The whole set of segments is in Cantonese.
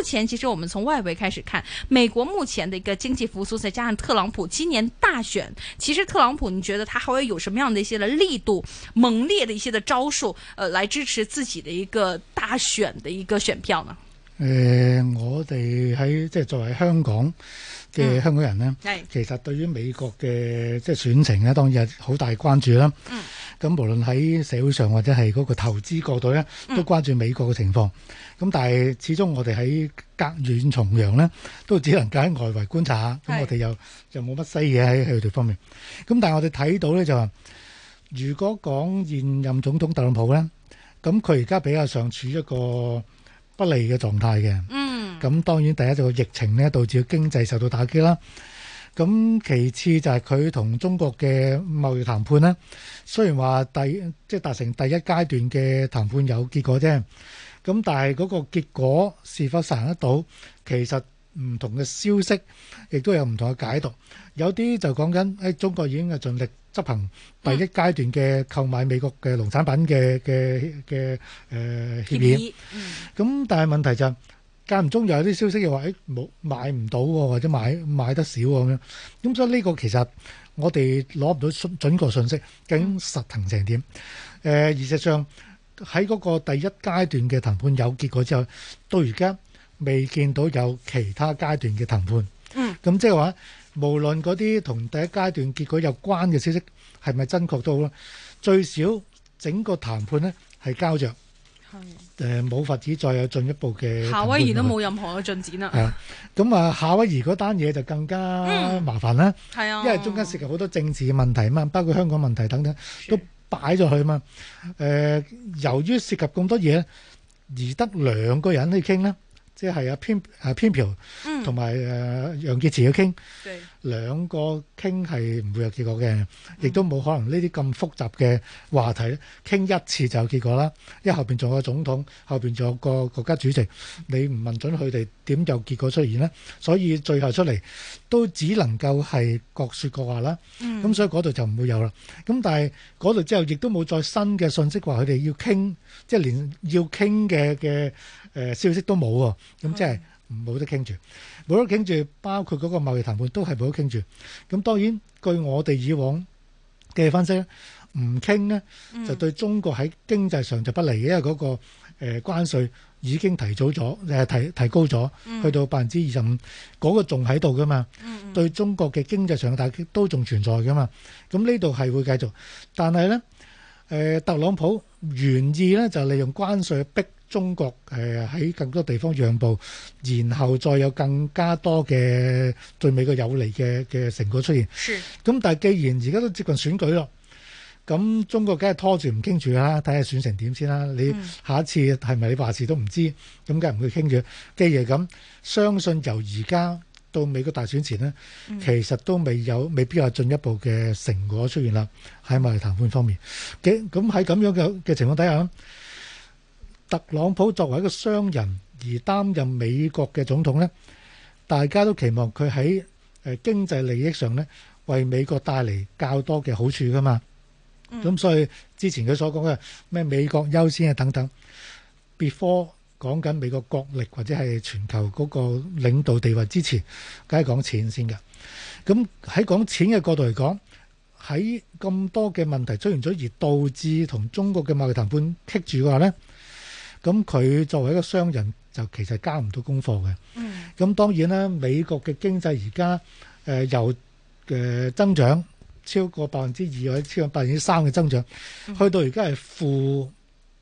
目前其實我們從外圍開始看，美國目前的一個經濟復甦，再加上特朗普今年大選，其實特朗普你覺得他還會有什麼樣的一些的力度、猛烈的一些的招數，呃，來支持自己的一個大選的一個選票呢？誒、呃，我哋喺即係作為香港嘅香港人呢，係、嗯、其實對於美國嘅即係選情呢，當然係好大關注啦。嗯。咁無論喺社會上或者係嗰個投資角度咧，都關注美國嘅情況。咁但係始終我哋喺隔遠重洋咧，都只能夠喺外圍觀察下。咁我哋又又冇乜西嘢喺喺佢哋方面。咁但係我哋睇到咧就話，如果講現任總統特朗普咧，咁佢而家比較上處於一個不利嘅狀態嘅。嗯。咁當然第一就個疫情咧導致經濟受到打擊啦。咁其次就係佢同中國嘅貿易談判咧，雖然話第即係達成第一階段嘅談判有結果啫，咁但係嗰個結果是否實行得到，其實唔同嘅消息亦都有唔同嘅解讀，有啲就講緊喺中國已經係盡力執行第一階段嘅購買美國嘅農產品嘅嘅嘅誒協議，咁但係問題就。間唔中又有啲消息又話誒冇買唔到喎，或者買買得少喎咁樣，咁所以呢個其實我哋攞唔到準確信息，究竟實情成點？誒，而事實上喺嗰個第一階段嘅談判有結果之後，到而家未見到有其他階段嘅談判。嗯，咁即係話無論嗰啲同第一階段結果有關嘅消息係咪真確都好，最少整個談判咧係膠著。係、嗯，冇法子再有進一步嘅。夏威夷都冇任何嘅進展啦。啊、嗯，咁啊，夏威夷嗰單嘢就更加麻煩啦。係、嗯、啊，因為中間涉及好多政治嘅問題啊嘛，包括香港問題等等，都擺咗佢啊嘛。誒、呃，由於涉及咁多嘢，而得兩個人去傾啦，即係阿偏阿同埋誒楊潔篪要傾，兩個傾係唔會有結果嘅，亦都冇可能呢啲咁複雜嘅話題傾一次就有結果啦。因為後邊仲有總統，後邊仲有個國家主席，你唔問準佢哋點有結果出現呢，所以最後出嚟都只能夠係各説各話啦。咁所以嗰度就唔會有啦。咁但係嗰度之後亦都冇再新嘅信息話佢哋要傾，即係連要傾嘅嘅誒消息都冇喎。咁即係。冇得傾住，冇得傾住，包括嗰個貿易談判都係冇得傾住。咁當然，據我哋以往嘅分析咧，唔傾咧就對中國喺經濟上就不利嘅、嗯，因為嗰、那個誒、呃、關稅已經提早咗誒、呃、提提高咗，去到百分之二十五，嗰、那個仲喺度噶嘛、嗯。對中國嘅經濟上嘅打擊都仲存在噶嘛。咁呢度係會繼續，但係咧誒，特朗普願意咧就利用關稅去逼。中國誒喺更多地方讓步，然後再有更加多嘅對美國有利嘅嘅成果出現。咁但係既然而家都接近選舉咯，咁中國梗係拖住唔傾住啦，睇下選成點先啦。你下一次係咪你話事都唔知，咁梗係唔會傾住。既然係咁，相信由而家到美國大選前呢，其實都未有，未必有進一步嘅成果出現啦。喺貿易談判方面嘅，咁喺咁樣嘅嘅情況底下。特朗普作為一個商人而擔任美國嘅總統咧，大家都期望佢喺誒經濟利益上咧，為美國帶嚟較多嘅好處㗎嘛。咁所以之前佢所講嘅咩美國優先啊等等，Before 講緊美國國力或者係全球嗰個領導地位之前，梗係講錢先嘅。咁喺講錢嘅角度嚟講，喺咁多嘅問題出現咗而導致同中國嘅貿易談判棘住嘅話咧。咁佢作為一個商人，就其實交唔到功課嘅。咁、嗯、當然啦，美國嘅經濟而家由、呃、增長超過百分之二，或者超過百分之三嘅增長，嗯、去到而家係負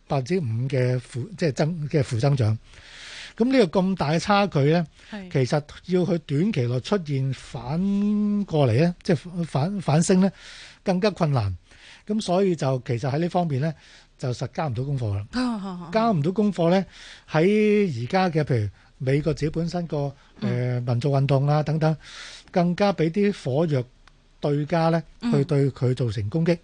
百分之五嘅負，即係、即係、增嘅負、即係、增長。咁呢個咁大嘅差距咧，其實要去短期內出現反過嚟咧，即、即、係、係、反反升咧，更加困難。咁所以就其實喺呢方面咧。就實交唔到功課啦，交唔到功課呢，喺而家嘅譬如美國自己本身個誒、呃、民族運動啊等等，更加俾啲火藥對家呢，去對佢造成攻擊，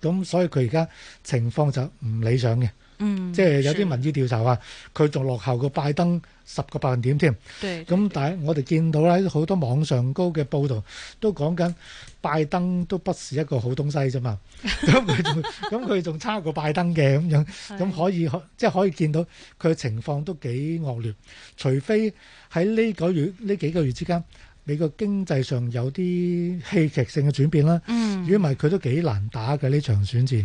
咁所以佢而家情況就唔理想嘅。嗯，即係有啲民意調查話，佢仲落後個拜登十個百分點添。對，咁但係我哋見到咧，好多網上高嘅報道都講緊拜登都不是一個好東西啫嘛。咁佢仲咁佢仲差過拜登嘅咁樣，咁可以即係、就是、可以見到佢情況都幾惡劣。除非喺呢個月呢幾個月之間，美國經濟上有啲戲劇性嘅轉變啦。嗯，如果唔係，佢都幾難打嘅呢場選戰。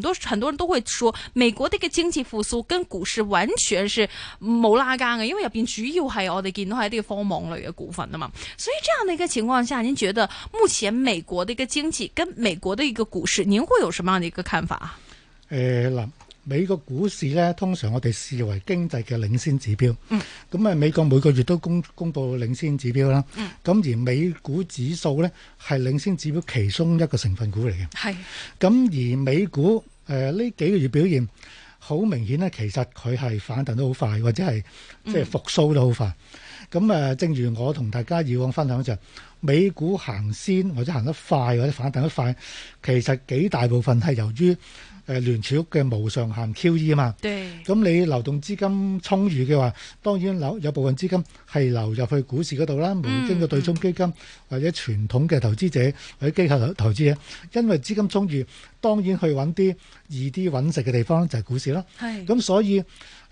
很多很多人都會說，美國的一個經濟復甦跟股市完全是冇拉更嘅，因為入邊主要係我哋見到係啲科網類嘅股份啊嘛。所以，這樣的一個情況下，您覺得目前美國的一個經濟跟美國的一個股市，您會有什麼樣的一個看法啊？誒，嗱，美國股市呢，通常我哋視為經濟嘅領先指標。咁、嗯、啊，美國每個月都公公布領先指標啦。咁、嗯、而美股指數呢，係領先指標其中一個成分股嚟嘅。係。咁而美股誒、呃、呢幾個月表現好明顯咧，其實佢係反彈得好快，或者係即係復甦得好快。咁、嗯、誒，正如我同大家以往分享一樣，美股行先或者行得快或者反彈得快，其實幾大部分係由於，誒、聯儲局嘅無上限 QE 嘛，對，咁你流動資金充裕嘅話，當然有有部分資金係流入去股市嗰度啦，唔經過對沖基金、嗯、或者傳統嘅投資者或者機構投資者，因為資金充裕，當然去揾啲易啲揾食嘅地方就係股市啦。係咁，所以。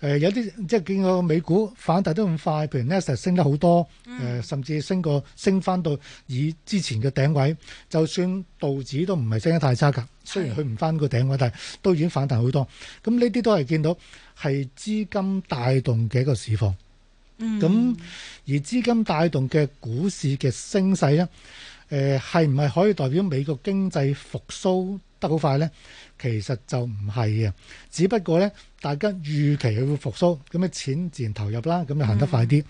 誒、呃、有啲即係見個美股反彈都咁快，譬如納斯達克升得好多，誒、呃、甚至升個升翻到以之前嘅頂位，就算道指都唔係升得太差㗎，雖然佢唔翻個頂位，但係都已經反彈好多。咁呢啲都係見到係資金帶動嘅一個市況。咁、嗯、而資金帶動嘅股市嘅升勢咧，誒係唔係可以代表美國經濟復甦？得好快咧，其實就唔係嘅，只不過咧，大家預期佢會復甦，咁樣錢自然投入啦，咁就行得快啲。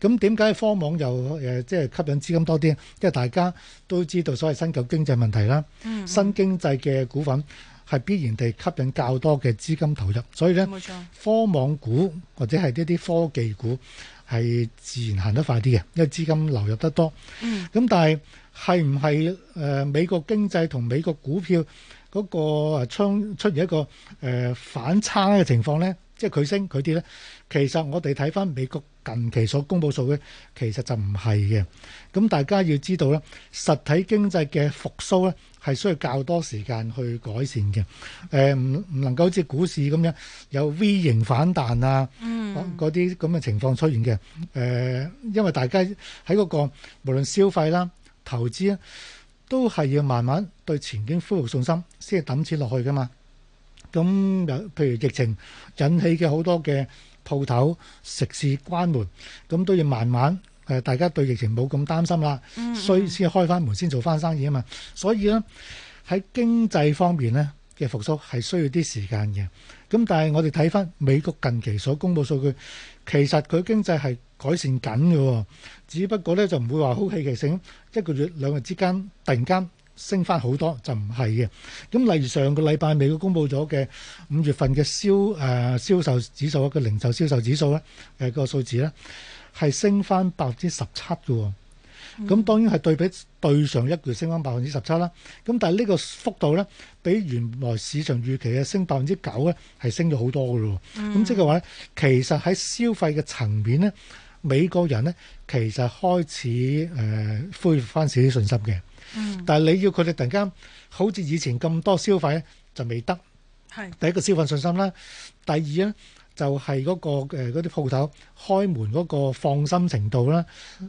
咁點解科網又誒、呃、即係吸引資金多啲？因為大家都知道所謂新舊經濟問題啦，嗯、新經濟嘅股份係必然地吸引較多嘅資金投入，所以咧冇錯，科網股或者係呢啲科技股。係自然行得快啲嘅，因為資金流入得多。嗯。咁但係係唔係誒美國經濟同美國股票嗰個啊出出現一個誒、呃、反差嘅情況咧？即係佢升佢跌咧？其實我哋睇翻美國近期所公佈數據，其實就唔係嘅。咁大家要知道咧，實體經濟嘅復甦咧係需要較多時間去改善嘅。誒唔唔能夠好似股市咁樣有 V 型反彈啊？嗯嗰啲咁嘅情況出現嘅，誒、呃，因為大家喺嗰、那個無論消費啦、投資啊，都係要慢慢對前景恢復信心，先係抌錢落去噶嘛。咁譬如疫情引起嘅好多嘅鋪頭食肆關門，咁都要慢慢誒、呃，大家對疫情冇咁擔心啦，嗯嗯。所以先開翻門，先做翻生意啊嘛。所以咧喺經濟方面咧，嘅復蘇係需要啲時間嘅。咁但係我哋睇翻美國近期所公布數據，其實佢經濟係改善緊嘅、哦。只不過咧就唔會話好戲劇性一個月兩日之間突然間升翻好多就唔係嘅。咁例如上個禮拜美國公布咗嘅五月份嘅銷、呃、銷售指數一個零售銷售指數咧，誒、呃那個數字咧係升翻百分之十七喎、哦。咁、嗯、當然係對比對上一個月升翻百分之十七啦，咁但係呢個幅度咧，比原來市場預期嘅升百分之九咧，係升咗好多㗎。喎、嗯。咁即係話，其實喺消費嘅層面咧，美國人咧其實開始、呃、恢復翻少少信心嘅、嗯。但係你要佢哋突然間好似以前咁多消費咧就未得。係第一個消費信心啦，第二咧，就係嗰個誒嗰啲鋪頭開門嗰個放心程度啦，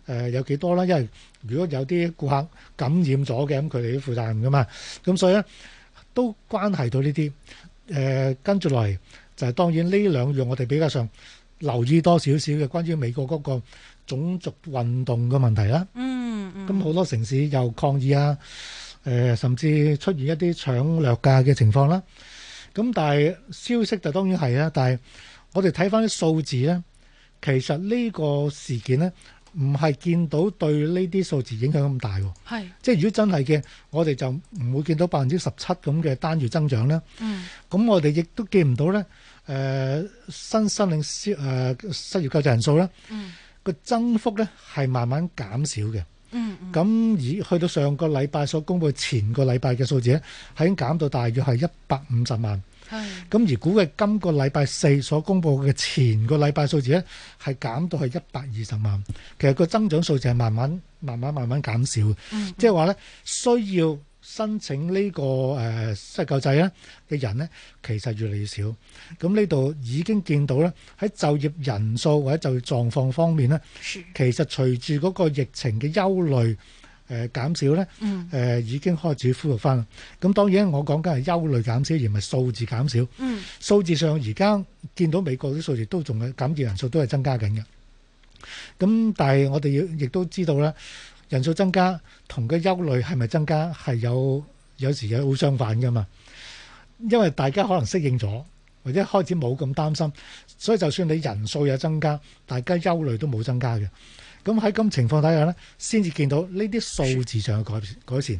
誒有幾多啦？因為如果有啲顧客感染咗嘅，咁佢哋要負責任㗎嘛，咁所以咧都關係到呢啲誒跟住落嚟就係當然呢兩樣我哋比較上留意多少少嘅，關於美國嗰個種族運動嘅問題啦。嗯，咁好多城市又抗議啊，誒甚至出現一啲搶掠價嘅情況啦。咁但係消息就當然係啦，但係。我哋睇翻啲數字咧，其實呢個事件咧，唔係見到對呢啲數字影響咁大喎。係。即係如果真係嘅，我哋就唔會見到百分之十七咁嘅單月增長啦。嗯。咁我哋亦都見唔到咧、呃，新申領失、呃、失業救濟人數呢個、嗯、增幅咧係慢慢減少嘅。嗯，嗯。咁而去到上個禮拜所公布前個禮拜嘅數字咧，係已經減到大約係一百五十萬。係，咁而估嘅今個禮拜四所公佈嘅前個禮拜數字咧，係減到係一百二十萬。其實個增長數字係慢慢、慢慢、慢慢減少。即係話咧，需要申請、呢個呃、呢個失救濟咧嘅人咧，其實越嚟越少。咁呢度已經見到咧，喺就業人數或者就業狀況方面咧，其實隨住嗰個疫情嘅憂慮。誒、呃，減少咧，誒、呃，已經開始恢復翻啦。咁當然，我講緊係憂慮減少，而唔係數字減少。數、嗯、字上而家見到美國啲數字都仲係，感染人數都係增加緊嘅。咁但係我哋要亦都知道咧，人數增加同個憂慮係咪增加，係有有時有好相反噶嘛？因為大家可能適應咗，或者開始冇咁擔心，所以就算你人數有增加，大家憂慮都冇增加嘅。咁喺咁情況底下咧，先至見到呢啲數字上嘅改改善。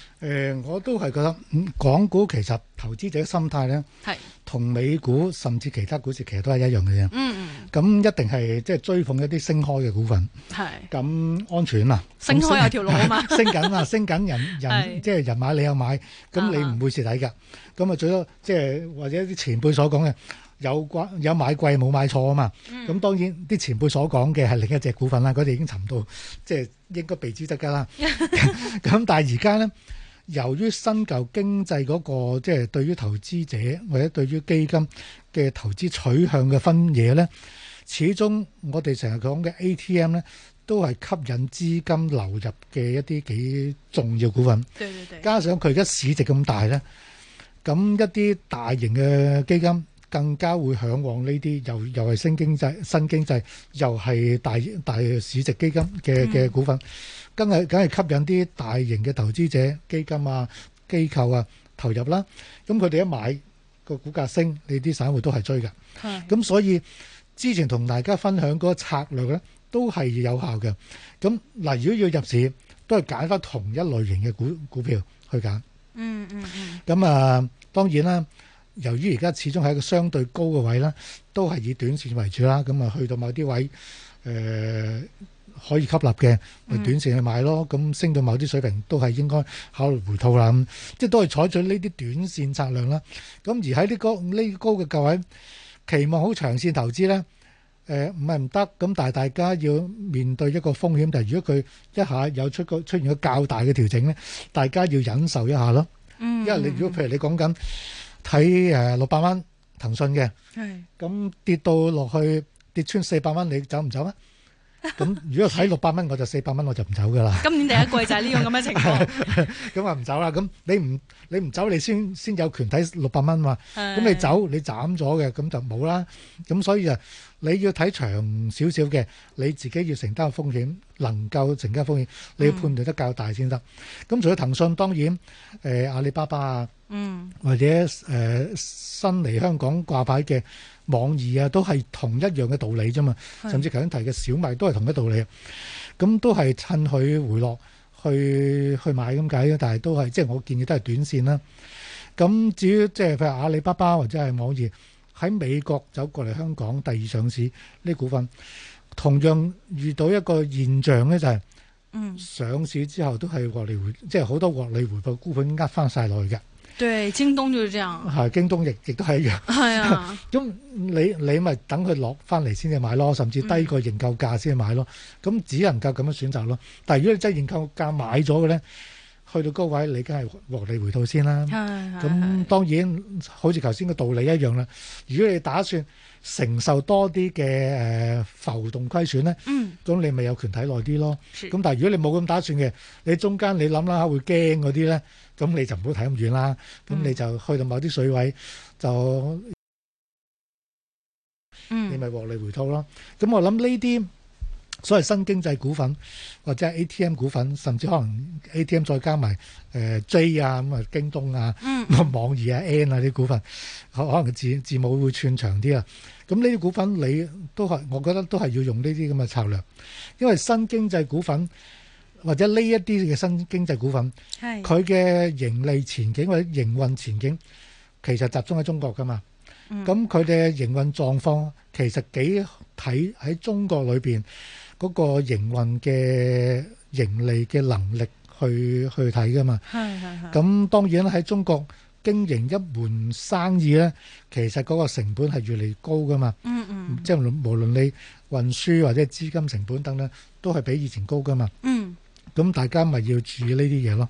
誒、呃，我都係覺得、嗯、港股其實投資者嘅心態咧，同美股甚至其他股市其實都係一樣嘅啫。嗯嗯。咁一定係即係追捧一啲升開嘅股份。係。咁安全啊？升開有條路啊嘛。 升緊啊！升緊人人，即係人買你又買，咁你唔會蝕底㗎。咁啊，最多即係或者啲前輩所講嘅，有關有買貴冇買錯啊嘛。咁、嗯、當然啲前輩所講嘅係另一隻股份啦，佢哋已經沉到即係應該被資得㗎啦。咁 但係而家咧？由於新舊經濟嗰個即係對於投資者或者對於基金嘅投資取向嘅分野咧，始終我哋成日講嘅 ATM 咧，都係吸引資金流入嘅一啲幾重要股份。對對對，加上佢而家市值咁大咧，咁一啲大型嘅基金，更加會嚮往呢啲又又係新經濟、新經濟又係大大市值基金嘅嘅股份，今日梗係吸引啲大型嘅投資者、基金啊、機構啊投入啦。咁佢哋一買個股價升，你啲散戶都係追㗎。係。咁所以之前同大家分享嗰個策略咧，都係有效嘅。咁嗱，如果要入市，都係揀翻同一類型嘅股股票去揀。嗯嗯嗯。咁啊，當然啦。由於而家始終喺一個相對高嘅位啦，都係以短線為主啦。咁啊，去到某啲位，誒可以吸納嘅，咪短線去買咯。咁升到某啲水平都係應該考慮回吐啦。咁即係都係採取呢啲短線策略啦。咁而喺呢個呢高嘅價位，期望好長線投資咧，誒唔係唔得。咁但係大家要面對一個風險，就係如果佢一下有出個出現咗較大嘅調整咧，大家要忍受一下咯。因為你如果譬如你講緊。睇誒六百蚊騰訊嘅，係咁跌到落去，跌穿四百蚊，你走唔走啊？咁 如果睇六百蚊，我就四百蚊，我就唔走噶啦。今年第一季就係呢種咁嘅情況。咁啊唔走啦，咁你唔你唔走，你先先有權睇六百蚊嘛。咁你走，你斬咗嘅，咁就冇啦。咁所以就，你要睇長少少嘅，你自己要承擔風險，能夠承擔風險，你要判斷得較大先得。咁、嗯、除咗騰訊，當然誒、呃、阿里巴巴啊，嗯，或者誒、呃、新嚟香港掛牌嘅。網易啊，都係同一樣嘅道理啫嘛。甚至頭先提嘅小米都係同一道理。咁都係趁佢回落去去買咁解咯。但係都係即係我建議都係短線啦。咁至於即係譬如阿里巴巴或者係網易喺美國走過嚟香港第二上市呢股份，同樣遇到一個現象咧，就係、是、上市之後都係獲利回，嗯、即係好多獲利回報嘅股份呃翻晒落去嘅。對，京東就是這樣。係，京東亦亦都係一樣。係啊，咁 你你咪等佢落翻嚟先至買咯，甚至低過認購價先至買咯。咁、嗯、只能夠咁樣選擇咯。但係如果你真係認購價買咗嘅呢？去到高位，你梗係獲利回吐先啦。咁當然好似頭先嘅道理一樣啦。如果你打算承受多啲嘅誒浮動虧損咧，咁、嗯、你咪有權睇耐啲咯。咁但係如果你冇咁打算嘅，你中間你諗諗下會驚嗰啲咧，咁你就唔好睇咁遠啦。咁你就去到某啲水位就，嗯，你咪獲利回吐咯。咁我諗呢啲。所謂新經濟股份或者 ATM 股份，甚至可能 ATM 再加埋誒 J 啊咁啊，京東啊、網易啊、N 啊啲股份，可可能字字母會串長啲啊。咁呢啲股份你都係，我覺得都係要用呢啲咁嘅策略，因為新經濟股份或者呢一啲嘅新經濟股份，佢嘅盈利前景或者營運前景其實集中喺中國㗎嘛。咁佢哋嘅營運狀況其實幾睇喺中國裏邊。嗰個營運嘅盈利嘅能力去去睇噶嘛，咁當然咧喺中國經營一門生意咧，其實嗰個成本係越嚟越高噶嘛，嗯嗯，即係無論你運輸或者資金成本等等，都係比以前高噶嘛。嗯。咁大家咪要注意呢啲嘢咯。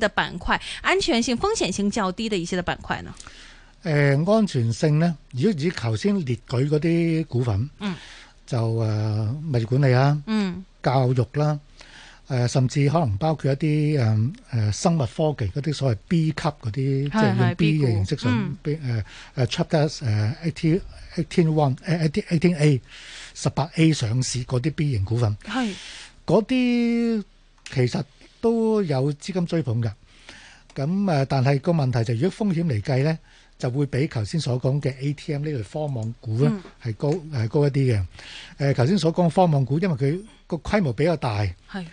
的板塊安全性風險性較低的一些的板塊呢？誒、呃，安全性咧，如果以頭先列舉嗰啲股份，嗯，就誒物業管理啦，嗯，教育啦，誒、呃，甚至可能包括一啲誒誒生物科技嗰啲所謂 B 級嗰啲，即係用 B 嘅形式上誒誒 Chapter 誒 eighteen eighteen one 誒 eighteen eighteen a 十八 A 上市嗰啲 B 型股份，係嗰啲其實。都有資金追捧㗎，咁誒，但係個問題就係，如果風險嚟計咧，就會比頭先所講嘅 ATM 呢類科網股咧係高係高一啲嘅。誒，頭先所講科網股，因為佢個規模比較大，係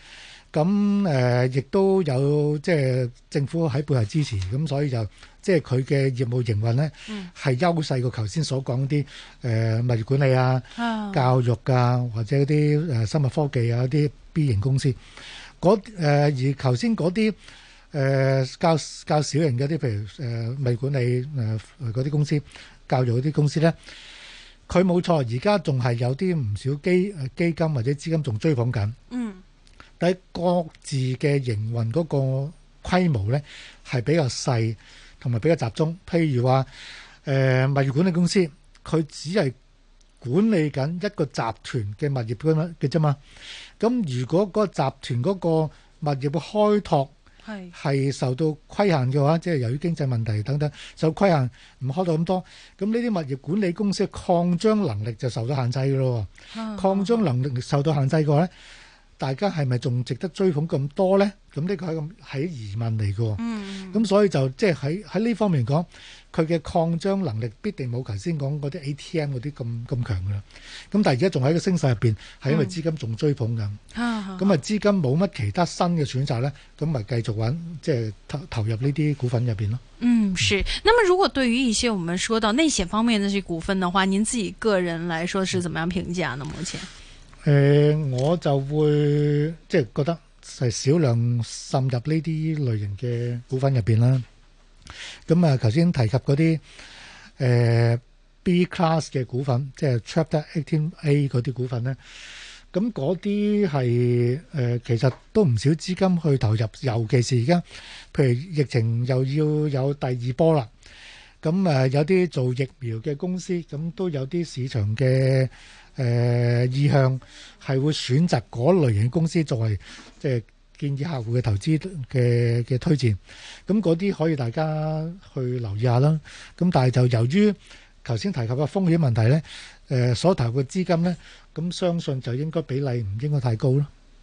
咁誒，亦都有即係政府喺背後支持，咁所以就即係佢嘅業務營運咧係優勢過頭先所講啲誒物業管理啊、教育啊或者嗰啲誒生物科技啊啲 B 型公司。嗰而頭先嗰啲誒較較小型啲，譬如誒、呃、物業管理誒嗰啲公司、教育嗰啲公司咧，佢冇錯，而家仲係有啲唔少基基金或者資金仲追捧緊。嗯，但係各自嘅營運嗰個規模咧係比較細，同埋比較集中。譬如話誒、呃、物業管理公司，佢只係管理緊一個集團嘅物業咁樣嘅啫嘛。咁如果嗰個集團嗰個物業嘅開拓係受到規限嘅話，即係由於經濟問題等等受到規限，唔開到咁多，咁呢啲物業管理公司擴張能力就受到限制嘅咯。擴張能力受到限制嘅話咧。啊啊啊呢大家係咪仲值得追捧咁多咧？咁呢個係咁係疑問嚟嘅。咁、嗯、所以就即係喺喺呢方面講，佢嘅擴張能力必定冇頭先講嗰啲 ATM 嗰啲咁咁強嘅啦。咁但係而家仲喺個升勢入邊，係因為資金仲追捧㗎。咁、嗯、啊，那資金冇乜其他新嘅選擇咧，咁咪繼續揾即係投投入呢啲股份入邊咯。嗯，是。那麼如果對於一些我們說到內險方面嘅股份嘅話，您自己個人來說是點樣評價呢？目前？誒、呃、我就會即係覺得係少量滲入呢啲類型嘅股份入邊啦。咁啊頭先提及嗰啲誒 B class 嘅股份，即係 Chapter Eighteen A 嗰啲股份咧。咁嗰啲係誒其實都唔少資金去投入，尤其是而家譬如疫情又要有第二波啦。咁啊，有啲做疫苗嘅公司，咁都有啲市場嘅。誒、呃、意向係會選擇嗰類型公司作為即係、就是、建議客戶嘅投資嘅嘅推薦，咁嗰啲可以大家去留意一下啦。咁但係就由於頭先提及嘅風險問題咧，誒、呃、所投嘅資金咧，咁相信就應該比例唔應該太高咯。